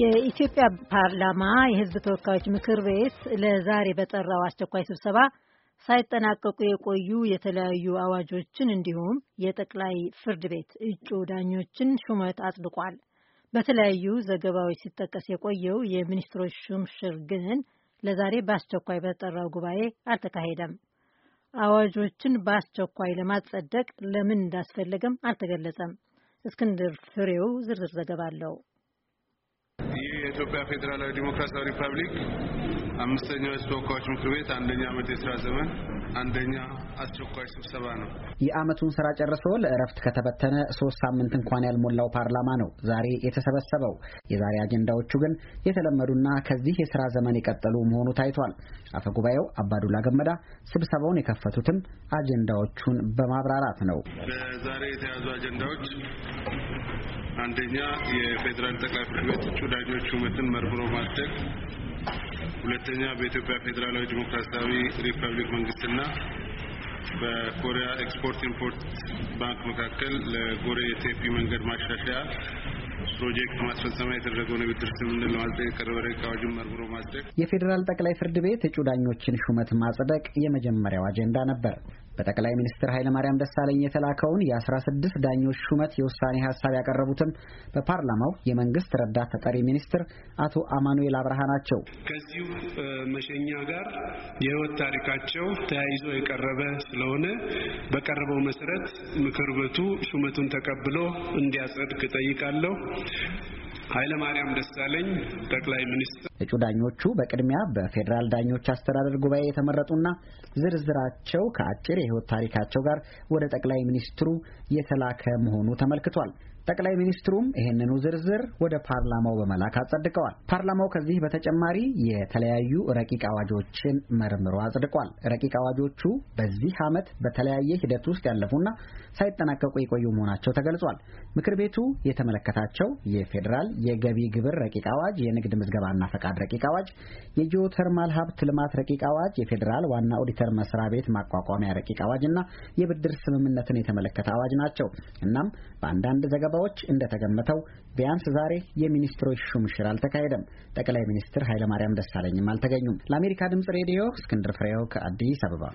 የኢትዮጵያ ፓርላማ የሕዝብ ተወካዮች ምክር ቤት ለዛሬ በጠራው አስቸኳይ ስብሰባ ሳይጠናቀቁ የቆዩ የተለያዩ አዋጆችን እንዲሁም የጠቅላይ ፍርድ ቤት እጩ ዳኞችን ሹመት አጽድቋል። በተለያዩ ዘገባዎች ሲጠቀስ የቆየው የሚኒስትሮች ሹምሽር ግን ለዛሬ በአስቸኳይ በተጠራው ጉባኤ አልተካሄደም። አዋጆችን በአስቸኳይ ለማጸደቅ ለምን እንዳስፈለገም አልተገለጸም። እስክንድር ፍሬው ዝርዝር ዘገባ አለው። የኢትዮጵያ ፌዴራላዊ ዲሞክራሲያዊ ሪፐብሊክ አምስተኛው የሕዝብ ተወካዮች ምክር ቤት አንደኛ ዓመት የስራ ዘመን አንደኛ አስቸኳይ ስብሰባ ነው። የአመቱን ስራ ጨርሶ ለእረፍት ከተበተነ ሶስት ሳምንት እንኳን ያልሞላው ፓርላማ ነው ዛሬ የተሰበሰበው። የዛሬ አጀንዳዎቹ ግን የተለመዱና ከዚህ የስራ ዘመን የቀጠሉ መሆኑ ታይቷል። አፈጉባኤው አባዱላ ገመዳ ስብሰባውን የከፈቱትም አጀንዳዎቹን በማብራራት ነው። በዛሬ የተያዙ አጀንዳዎች አንደኛ የፌዴራል ጠቅላይ ፍርድ ቤት እጩ ዳኞች ሹመትን መርምሮ ማጽደቅ፣ ሁለተኛ በኢትዮጵያ ፌዴራላዊ ዲሞክራሲያዊ ሪፐብሊክ መንግስትና በኮሪያ ኤክስፖርት ኢምፖርት ባንክ መካከል ለጎሬ የቴፒ መንገድ ማሻሻያ ፕሮጀክት ማስፈጸሚያ የተደረገውን የብድር ስምምነት ለማጽደቅ የቀረበ ረቂቅ አዋጅን መርምሮ ማጽደቅ። የፌዴራል ጠቅላይ ፍርድ ቤት እጩ ዳኞችን ሹመት ማጽደቅ የመጀመሪያው አጀንዳ ነበር። በጠቅላይ ሚኒስትር ኃይለማርያም ደሳለኝ የተላከውን የ16 ዳኞች ሹመት የውሳኔ ሀሳብ ያቀረቡትም በፓርላማው የመንግስት ረዳት ተጠሪ ሚኒስትር አቶ አማኑኤል አብርሃ ናቸው። ከዚሁ መሸኛ ጋር የህይወት ታሪካቸው ተያይዞ የቀረበ ስለሆነ በቀረበው መሰረት ምክር ቤቱ ሹመቱን ተቀብሎ እንዲያጸድቅ ጠይቃለሁ። ኃይለማርያም ደሳለኝ ጠቅላይ ሚኒስትር። እጩ ዳኞቹ በቅድሚያ በፌዴራል ዳኞች አስተዳደር ጉባኤ የተመረጡና ዝርዝራቸው ከአጭር የህይወት ታሪካቸው ጋር ወደ ጠቅላይ ሚኒስትሩ የተላከ መሆኑ ተመልክቷል። ጠቅላይ ሚኒስትሩም ይህንኑ ዝርዝር ወደ ፓርላማው በመላክ አጸድቀዋል። ፓርላማው ከዚህ በተጨማሪ የተለያዩ ረቂቅ አዋጆችን መርምሮ አጽድቋል። ረቂቅ አዋጆቹ በዚህ ዓመት በተለያየ ሂደት ውስጥ ያለፉና ሳይጠናቀቁ የቆዩ መሆናቸው ተገልጿል። ምክር ቤቱ የተመለከታቸው የፌዴራል የገቢ ግብር ረቂቅ አዋጅ፣ የንግድ ምዝገባና ፈቃድ ረቂቅ አዋጅ፣ የጂኦተርማል ሀብት ልማት ረቂቅ አዋጅ፣ የፌዴራል ዋና ኦዲተር መስሪያ ቤት ማቋቋሚያ ረቂቅ አዋጅ እና የብድር ስምምነትን የተመለከተ አዋጅ ናቸው። እናም በአንዳንድ ዘገባ ዘገባዎች እንደተገመተው ቢያንስ ዛሬ የሚኒስትሮች ሹምሽር አልተካሄደም። ጠቅላይ ሚኒስትር ኃይለማርያም ደሳለኝም አልተገኙም። ለአሜሪካ ድምጽ ሬዲዮ እስክንድር ፍሬው ከአዲስ አበባ